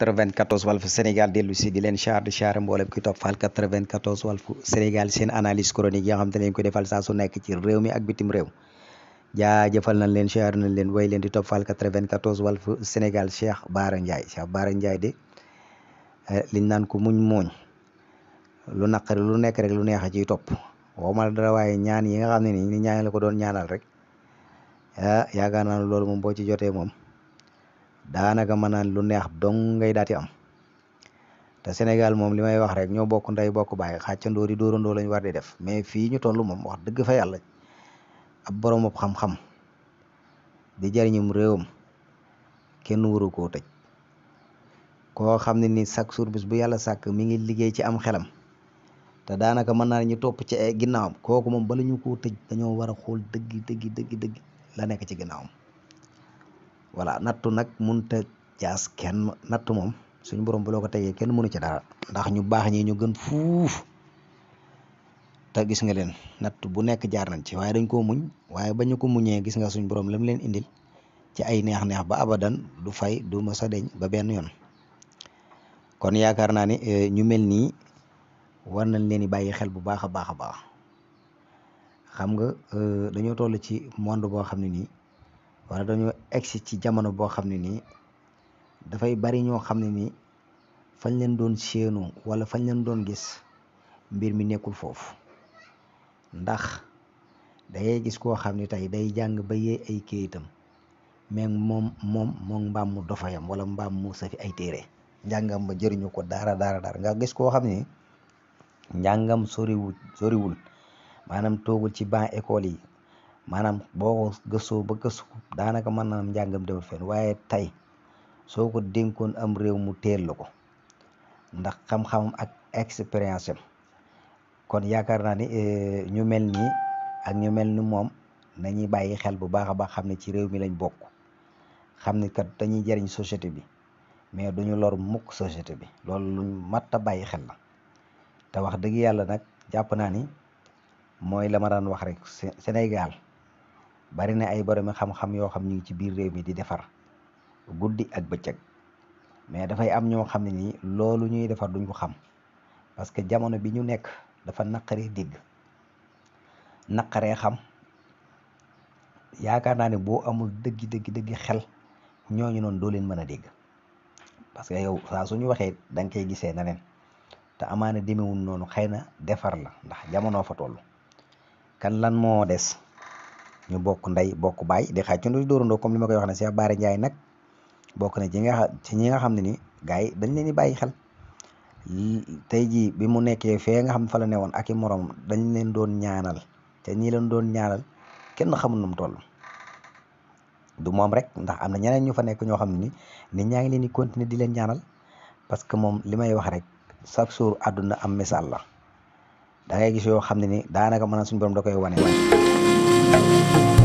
94 Walf Sénégal dellu si di leen char di char mboolem ki topp fal 94 Walf Sénégal seen analyse chronique yi xam te leen ko defal saa su nekk ci réew mi ak bitim réew jaajëfal nañ leen char nañ leen way leen di topp fal 94 Walf Sénégal Cheikh Bara Ndiaye Cheikh Bara Ndiaye de eh, liñ naan ko muñ mooñ lu naqari lu nekk rek lu neex a ciy topp wow ma dara waaye ñaan yi nga xam ne nii ñaan la ko doon ñaanal rek a ah, yaakaar naa loolu moom boo ci jotee moom daanaka ma naan lu neex dong ngay daati am te senegal moom li may wax rek ñoo bokk nday bokk bàyyi xàccandoo di dóorandoo lañ war di def mais fii ñu toll moom wax dëgg fa yàlla a borom ab xam-xam di jariñum réewam kenn waru koo tëj koo xam ne ni chaque jour bu yàlla sàkk mi ngi liggéey ci am xelam. te daanaka mën naa ñu topp ci ginnaawam kooku moom bala ñu koo tëj dañoo war a xool dëgg dëgg dëgg dëgg la nekk ci ginnaawam voilà nattu nag munta jaas kenn natt moom suñu borom bu loo ko tegee kenn mënu ca dara ndax ñu baax ñi ñu gën fuuf te gis nga leen natt bu nekk jaar nañ ci waaye dañ koo muñ waaye ba ñu ko muñee gis nga suñu borom lam leen indil ci ay neex-neex ba abadan du fay du ma sa deñ ba benn yoon kon yaakaar naa ni eh, ñu mel nii war nañ leen di bàyyi xel bu baax a baax a baax xam nga euh, dañoo toll ci monde boo xam ne nii wala dañoo egsi ci jamono boo xam ne nii dafay bari ñoo xam ne nii fañ leen doon séenu wala fañ leen doon gis mbir mi nekkul foofu ndax dangay gis koo xam ni tey day jàng ba yee ay këyitam mais moom moom moom mbaam mu dofayam wala mbaam mu safi ay téere jàngam ba jëriñu ko dara dara dara nga gis koo xam ne njàngam soriwul soriwul maanaam toogul ci ban école yi maanaam boo gësoo gëstoo ba gëstu daanaka mën naa am njàngam demul fenn waaye tey soo ko dénkoon am réew mu teel la ko ndax xam-xamam ak expérience am kon yaakaar naa ni eh, ñu mel ni ak ñu mel ni moom na nañuy bàyyi xel bu baax a baax xam ni ci réew mi lañ bokk xam ni kat dañuy jariñ société bi mais duñu lor mukk société bi loolu lu mat bàyyi xel na te wax dëgg yàlla nag jàpp naa ni mooy la ma daan wax rek Sénégal bari na ay boromi xam-xam yoo xam ñu ngi ci biir réew mi di defar guddi ak bëccëg mais dafay am ñoo xam ne nii loolu ñuy defar duñ ko xam parce que jamono bi ñu nekk dafa naqaree dégg naqaree xam yaakaar naa ne boo amul dëgg dëgg dëgg xel ñu noonu doo leen mën a dégg parce que yow saa suñu waxee da nga koy gisee na leen te amaana demewul noonu xëy na defar la ndax jamono fa toll kan lan moo des ñu bokk ndey bokk baay di xaaj coono dóorandoo comme li ma koy wax ne Cheikh Bara Ndiaye nag bokk na ci nga ci ñi nga xam ne ni gars yi dañ leen di bàyyi xel tey jii bi mu nekkee fee nga xam fa la ne woon ak moroom dañ leen doon ñaanal te ñi leen doon ñaanal kenn xamul nu mu toll du moom rek ndax am na ñeneen ñu fa nekk ñoo xam ne ni nit ñaa ngi leen di continuer di leen ñaanal parce que moom li may wax rek. chaque jour àdduna am misaal la da ngay gis yoo xam ne ni daanaka mën na suñu borom da koy wane wane